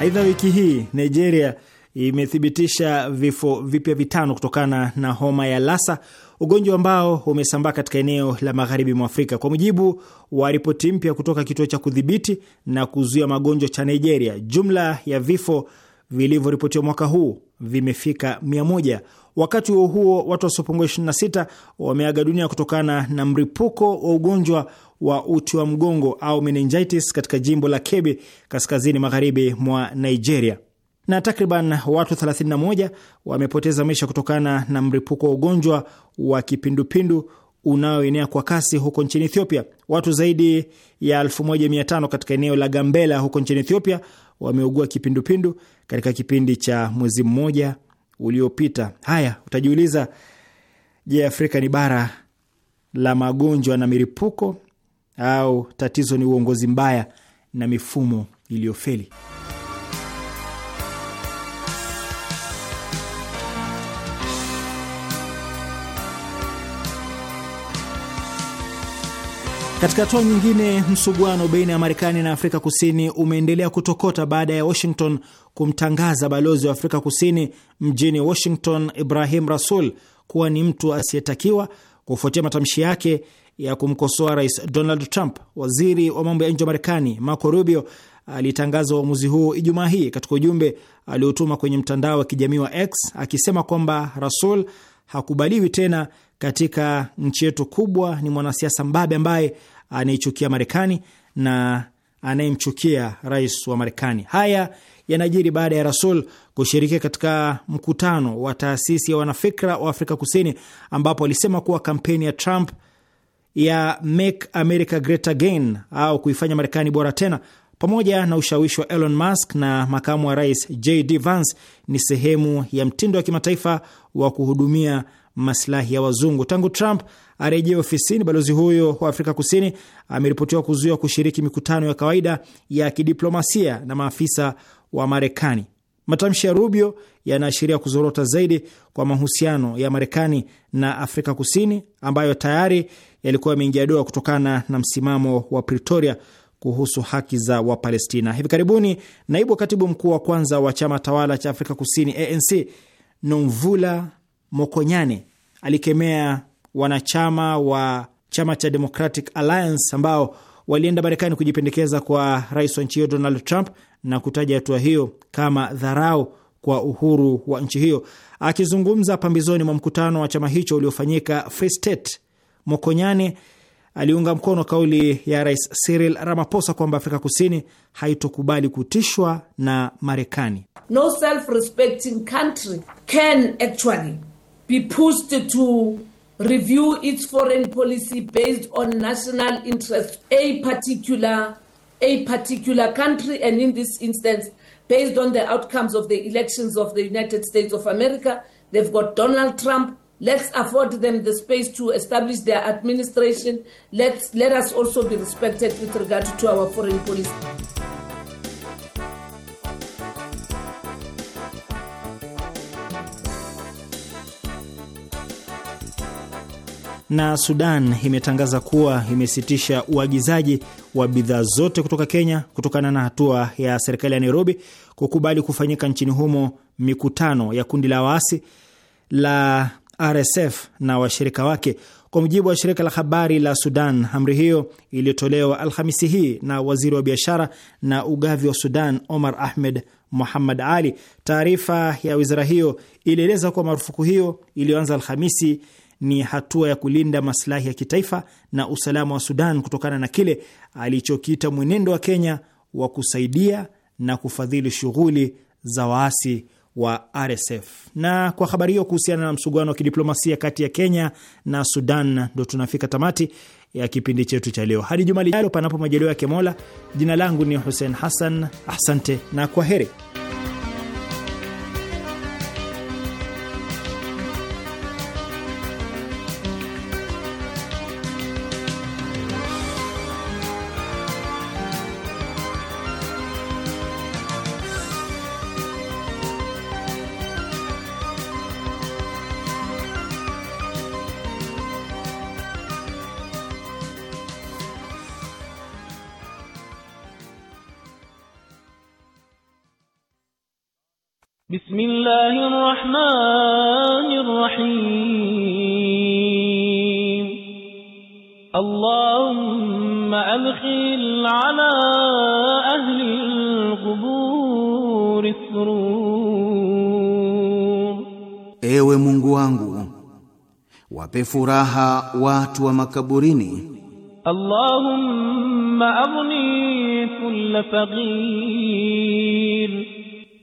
F: Aidha, wiki hii Nigeria imethibitisha vifo vipya vitano kutokana na homa ya Lassa ugonjwa ambao umesambaa katika eneo la magharibi mwa Afrika. Kwa mujibu wa ripoti mpya kutoka kituo cha kudhibiti na kuzuia magonjwa cha Nigeria, jumla ya vifo vilivyoripotiwa mwaka huu vimefika 100. Wakati huo huo, watu wasiopungua 26 wameaga dunia kutokana na mripuko wa ugonjwa wa uti wa mgongo au meningitis katika jimbo la Kebbi kaskazini magharibi mwa Nigeria na takriban watu 31 wamepoteza maisha kutokana na mlipuko wa ugonjwa wa kipindupindu unaoenea kwa kasi huko nchini Ethiopia. Watu zaidi ya 1500 katika eneo la Gambela huko nchini Ethiopia wameugua kipindupindu katika kipindi cha mwezi mmoja uliopita. Haya, utajiuliza, je, Afrika ni bara la magonjwa na milipuko au tatizo ni uongozi mbaya na mifumo iliyofeli? Katika hatua nyingine, msuguano baina ya Marekani na Afrika Kusini umeendelea kutokota baada ya Washington kumtangaza balozi wa Afrika Kusini mjini Washington, Ibrahim Rasul, kuwa ni mtu asiyetakiwa kufuatia matamshi yake ya kumkosoa Rais Donald Trump. Waziri wa mambo ya nje wa Marekani Marco Rubio alitangaza uamuzi huo Ijumaa hii katika ujumbe aliotuma kwenye mtandao wa kijamii wa X akisema kwamba Rasul hakubaliwi tena katika nchi yetu kubwa, ni mwanasiasa mbabe ambaye anayechukia Marekani na anayemchukia rais wa Marekani. Haya yanajiri baada ya Rasul kushiriki katika mkutano wa taasisi ya wanafikra wa Afrika Kusini, ambapo alisema kuwa kampeni ya Trump ya Make America Great Again au kuifanya Marekani bora tena, pamoja na ushawishi wa Elon Musk na makamu wa rais JD Vance ni sehemu ya mtindo wa kimataifa wa kuhudumia maslahi ya wazungu. Tangu Trump arejee ofisini. Balozi huyo wa Afrika Kusini ameripotiwa kuzuiwa kushiriki mikutano ya kawaida ya kidiplomasia na maafisa wa Marekani. Matamshi ya Rubio yanaashiria kuzorota zaidi kwa mahusiano ya Marekani na Afrika Kusini ambayo tayari yalikuwa yameingia doa kutokana na msimamo wa Pretoria kuhusu haki za Wapalestina. Hivi karibuni naibu wa katibu mkuu wa kwanza wa chama tawala cha Afrika Kusini ANC Nomvula Mokonyane alikemea wanachama wa chama cha Democratic Alliance ambao walienda Marekani kujipendekeza kwa rais wa nchi hiyo Donald Trump na kutaja hatua hiyo kama dharau kwa uhuru wa nchi hiyo. Akizungumza pambizoni mwa mkutano wa chama hicho uliofanyika Free State, Mokonyane aliunga mkono kauli ya rais Cyril Ramaphosa kwamba Afrika Kusini haitokubali kutishwa na Marekani.
C: No self-respecting country
B: can actually be pushed to review its foreign policy based on national interest, a particular, a particular
D: country, and in this instance, based on the outcomes of the elections of the United States of America. They've got Donald Trump. Let's afford them the space to establish their administration. Let's, let us also be respected with regard to our foreign policy.
F: na Sudan imetangaza kuwa imesitisha uagizaji wa bidhaa zote kutoka Kenya kutokana na hatua ya serikali ya Nairobi kukubali kufanyika nchini humo mikutano ya kundi la waasi la RSF na washirika wake. Kwa mujibu wa shirika la habari la Sudan, amri hiyo iliyotolewa Alhamisi hii na waziri wa biashara na ugavi wa Sudan Omar Ahmed Muhammad Ali. Taarifa ya wizara hiyo ilieleza kuwa marufuku hiyo iliyoanza Alhamisi ni hatua ya kulinda masilahi ya kitaifa na usalama wa Sudan kutokana na kile alichokiita mwenendo wa Kenya wa kusaidia na kufadhili shughuli za waasi wa RSF. Na kwa habari hiyo kuhusiana na msuguano wa kidiplomasia kati ya Kenya na Sudan, ndo tunafika tamati ya kipindi chetu cha leo. Hadi juma lijalo, panapo majaliwa ya kemola Jina langu ni Hussein Hassan, asante na kwa heri.
G: بسم الله الرحمن الرحيم اللهم أدخل على
D: أهل القبور السرور ايوه مungu wangu wape furaha watu wa اللهم أغني كل
G: فقير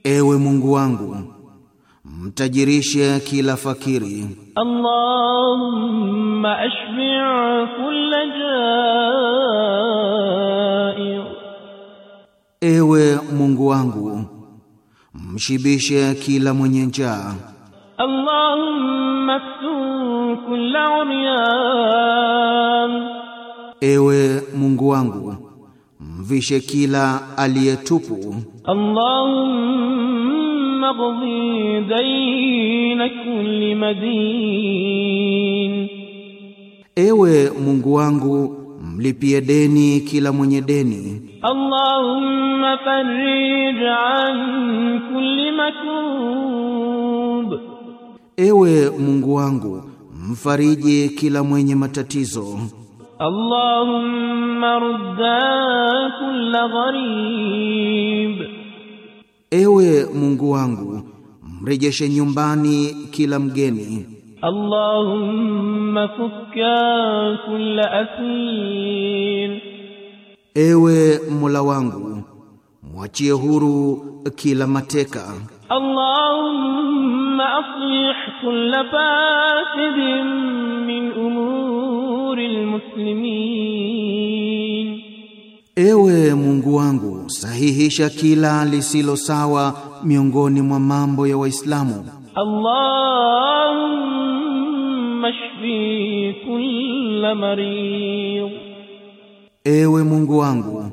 D: Ewe Mungu wangu, mtajirishe kila fakiri.
G: Allahumma ashbi'
D: kull ja'i, Ewe Mungu wangu, mshibishe kila mwenye njaa.
G: Allahumma ftun umyan,
D: Ewe Mungu wangu, mvishe kila aliyetupu.
G: اللهم اقضي دين كل مدين ايوه
D: مungu wangu mlipie deni kila mwenye deni.
G: Allahumma farij an kulli makub,
D: ewe Mungu wangu mfariji kila mwenye matatizo. اللهم rudda كل
G: غريب
D: ewe Mungu wangu mrejeshe nyumbani kila mgeni.
G: اللهم فك كل اسير
D: ايوه Mola wangu mwachie huru kila mateka.
G: اللهم اصلح كل فاسد من ننصر المسلمين
D: Ewe Mungu wangu sahihisha kila lisilo sawa miongoni mwa mambo ya Waislamu
G: Allahumma shfi kulla
D: marid Ewe Mungu wangu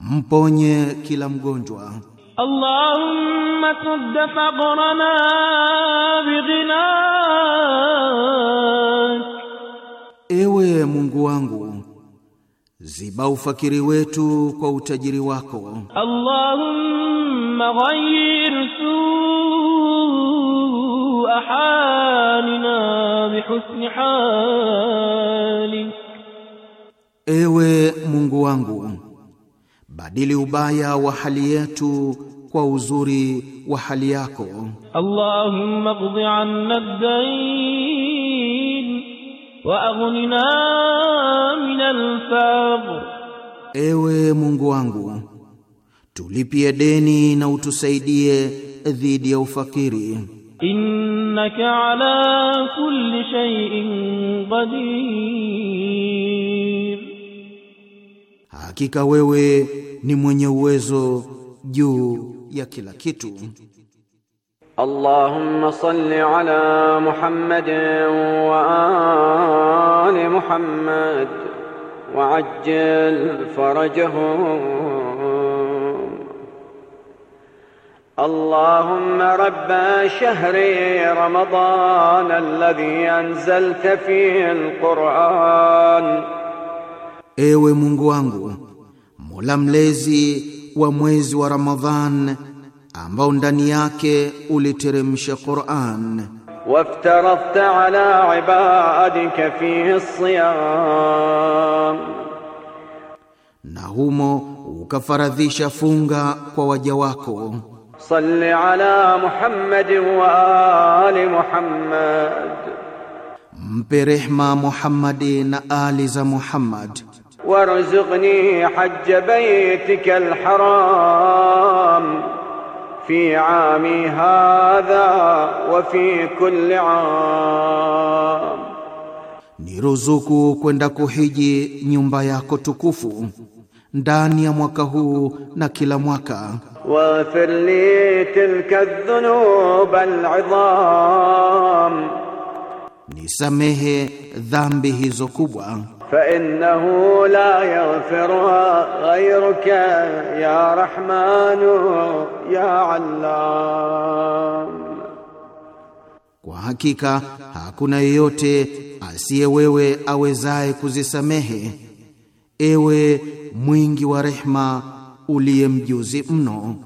D: mponye kila mgonjwa
G: Allahumma sadd faqrana
D: bighina Ewe Mungu wangu, ziba ufakiri wetu kwa utajiri wako.
G: Allahumma ghayyir su'a halina bihusni hali.
D: Ewe Mungu wangu, badili ubaya wa hali yetu kwa uzuri wa hali yako.
G: Allahumma qdi anna ad-dayn واغننا
D: من alfaqr, ewe Mungu wangu tulipie deni na utusaidie dhidi ya ufakiri.
G: Innaka ala kulli shay'in
D: qadir, hakika wewe ni mwenye uwezo juu ya kila kitu.
H: اللهم صل على محمد وآل محمد وعجل فرجهم اللهم رب شهر رمضان الذي أنزلت فيه القرآن
D: ايوه Mungu wangu, Mola mlezi ورمضان ورمضان ambao ndani yake uliteremsha Qur'an.
H: Waftarafta ala ibadika fi siyam,
D: na humo ukafaradhisha funga kwa waja wako.
H: Salli ala Muhammad wa ali Muhammad,
D: mpe rehma Muhammadi na ali za Muhammad.
H: Warzuqni hajja baytika alharam في عامي هذا
D: وفي كل عام aam, ni ruzuku kwenda kuhiji nyumba yako tukufu ndani ya mwaka huu na kila mwaka.
H: Waghfir li tilka dhunub al'idham,
D: nisamehe dhambi hizo kubwa
H: فإنه لا يغفرها غيرك يا رحمن يا علام
D: Kwa hakika hakuna yeyote asiye wewe awezaye kuzisamehe, ewe mwingi wa rehma uliye mjuzi mno.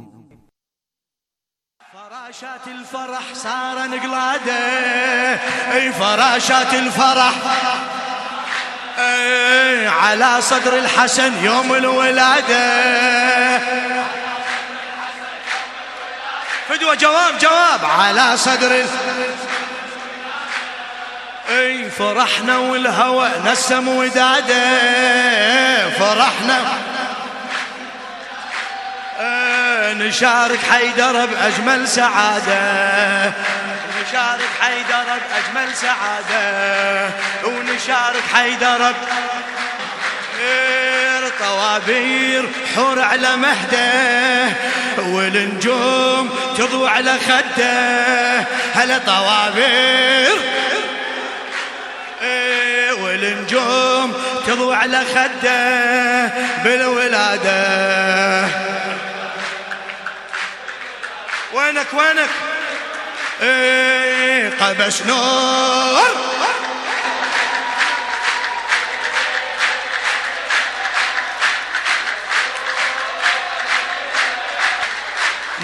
I: فراشات الفرح صار على صدر الحسن يوم الولادة فدوى جواب جواب على صدر الحسن اي فرحنا والهوى نسم وداده فرحنا نشارك حيدر بأجمل سعادة نشارك حيدر بأجمل سعادة ونشارك حيدر طوابير حور على مهده والنجوم تضوي على خده هلا طوابير إيه، والنجوم تضوي على خده بالولاده وينك وينك ايه قبش نور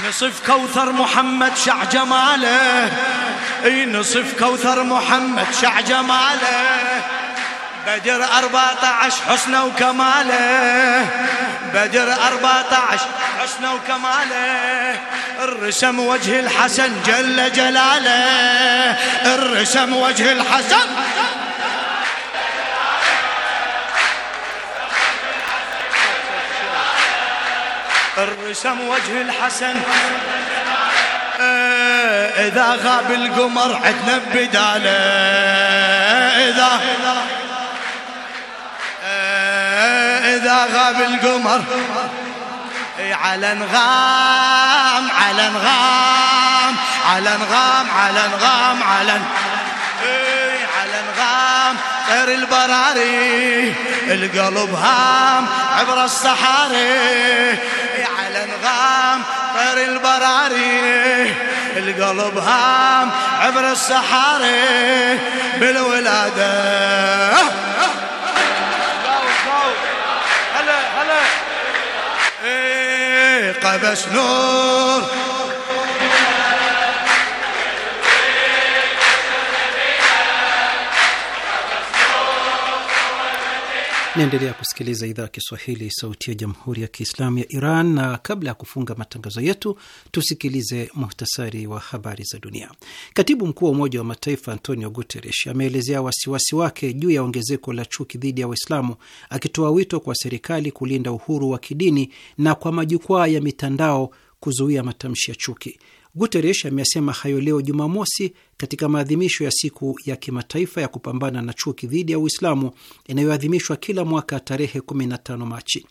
I: نصف كوثر محمد شع جماله اي نصف كوثر محمد شع جماله بدر 14 حسنه وكماله بدر 14 حسنه وكماله الرسم وجه الحسن جل جلاله الرسم وجه الحسن الرسم وجه الحسن إذا غاب القمر عدنا بداله إذا إذا غاب القمر على نغام على نغام على نغام على نغام على إيه، على نغام غير البراري القلب هام عبر الصحاري إيه، على نغام غير البراري القلب هام عبر الصحاري بالولادة القبس نور
C: Naendelea kusikiliza idhaa ya Kiswahili, sauti ya jamhuri ya kiislamu ya Iran. Na kabla ya kufunga matangazo yetu, tusikilize muhtasari wa habari za dunia. Katibu mkuu wa Umoja wa Mataifa Antonio Guterres ameelezea wasiwasi wake juu ya ongezeko la chuki dhidi ya Waislamu, akitoa wito kwa serikali kulinda uhuru wa kidini na kwa majukwaa ya mitandao kuzuia matamshi ya chuki. Guterres amesema hayo leo Jumamosi katika maadhimisho ya siku ya kimataifa ya kupambana na chuki dhidi ya Uislamu inayoadhimishwa kila mwaka tarehe 15 Machi.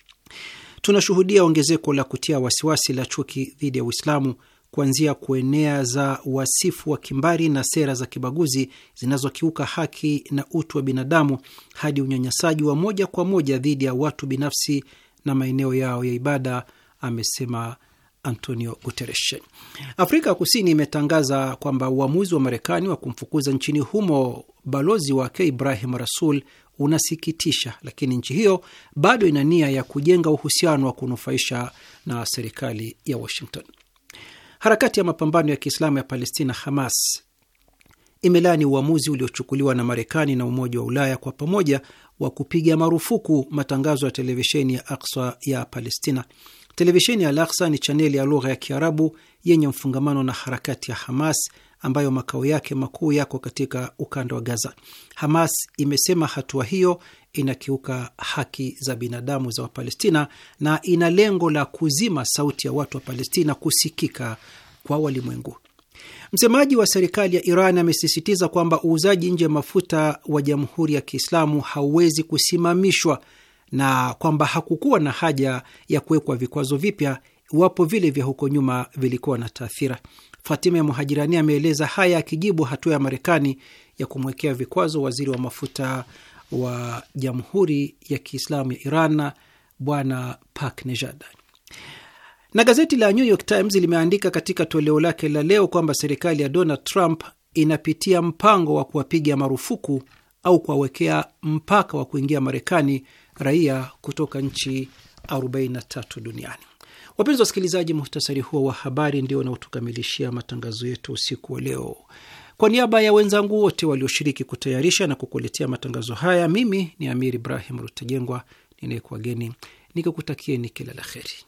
C: Tunashuhudia ongezeko la kutia wasiwasi la chuki dhidi ya Uislamu kuanzia kuenea za wasifu wa kimbari na sera za kibaguzi zinazokiuka haki na utu wa binadamu hadi unyanyasaji wa moja kwa moja dhidi ya watu binafsi na maeneo yao ya ibada, amesema Antonio Guterres. Afrika Kusini imetangaza kwamba uamuzi wa Marekani wa kumfukuza nchini humo balozi wake Ibrahim Rasul unasikitisha, lakini nchi hiyo bado ina nia ya kujenga uhusiano wa kunufaisha na serikali ya Washington. Harakati ya mapambano ya Kiislamu ya Palestina, Hamas, imelaani uamuzi uliochukuliwa na Marekani na Umoja wa Ulaya kwa pamoja wa kupiga marufuku matangazo ya televisheni ya Aksa ya Palestina. Televisheni ya Al-Aqsa ni chaneli ya lugha ya Kiarabu yenye mfungamano na harakati ya Hamas ambayo makao yake makuu yako katika ukanda wa Gaza. Hamas imesema hatua hiyo inakiuka haki za binadamu za Wapalestina na ina lengo la kuzima sauti ya watu wa Palestina kusikika kwa walimwengu. Msemaji wa serikali ya Iran amesisitiza kwamba uuzaji nje mafuta wa Jamhuri ya Kiislamu hauwezi kusimamishwa na kwamba hakukuwa na haja ya kuwekwa vikwazo vipya iwapo vile vya huko nyuma vilikuwa na taathira. Fatima ya Muhajirani ameeleza haya akijibu hatua ya Marekani ya kumwekea vikwazo waziri wa mafuta wa Jamhuri ya Kiislamu ya Iran Bwana Paknejad. Na gazeti la New York Times limeandika katika toleo lake la leo kwamba serikali ya Donald Trump inapitia mpango wa kuwapiga marufuku au kuwawekea mpaka wa kuingia Marekani raia kutoka nchi 43 duniani. Wapenzi wasikilizaji, muhtasari huo wa habari ndio unaotukamilishia matangazo yetu usiku wa leo. Kwa niaba ya wenzangu wote walioshiriki kutayarisha na kukuletea matangazo haya, mimi ni Amir Ibrahim Rutajengwa ninayekuwageni nikikutakieni kila la heri.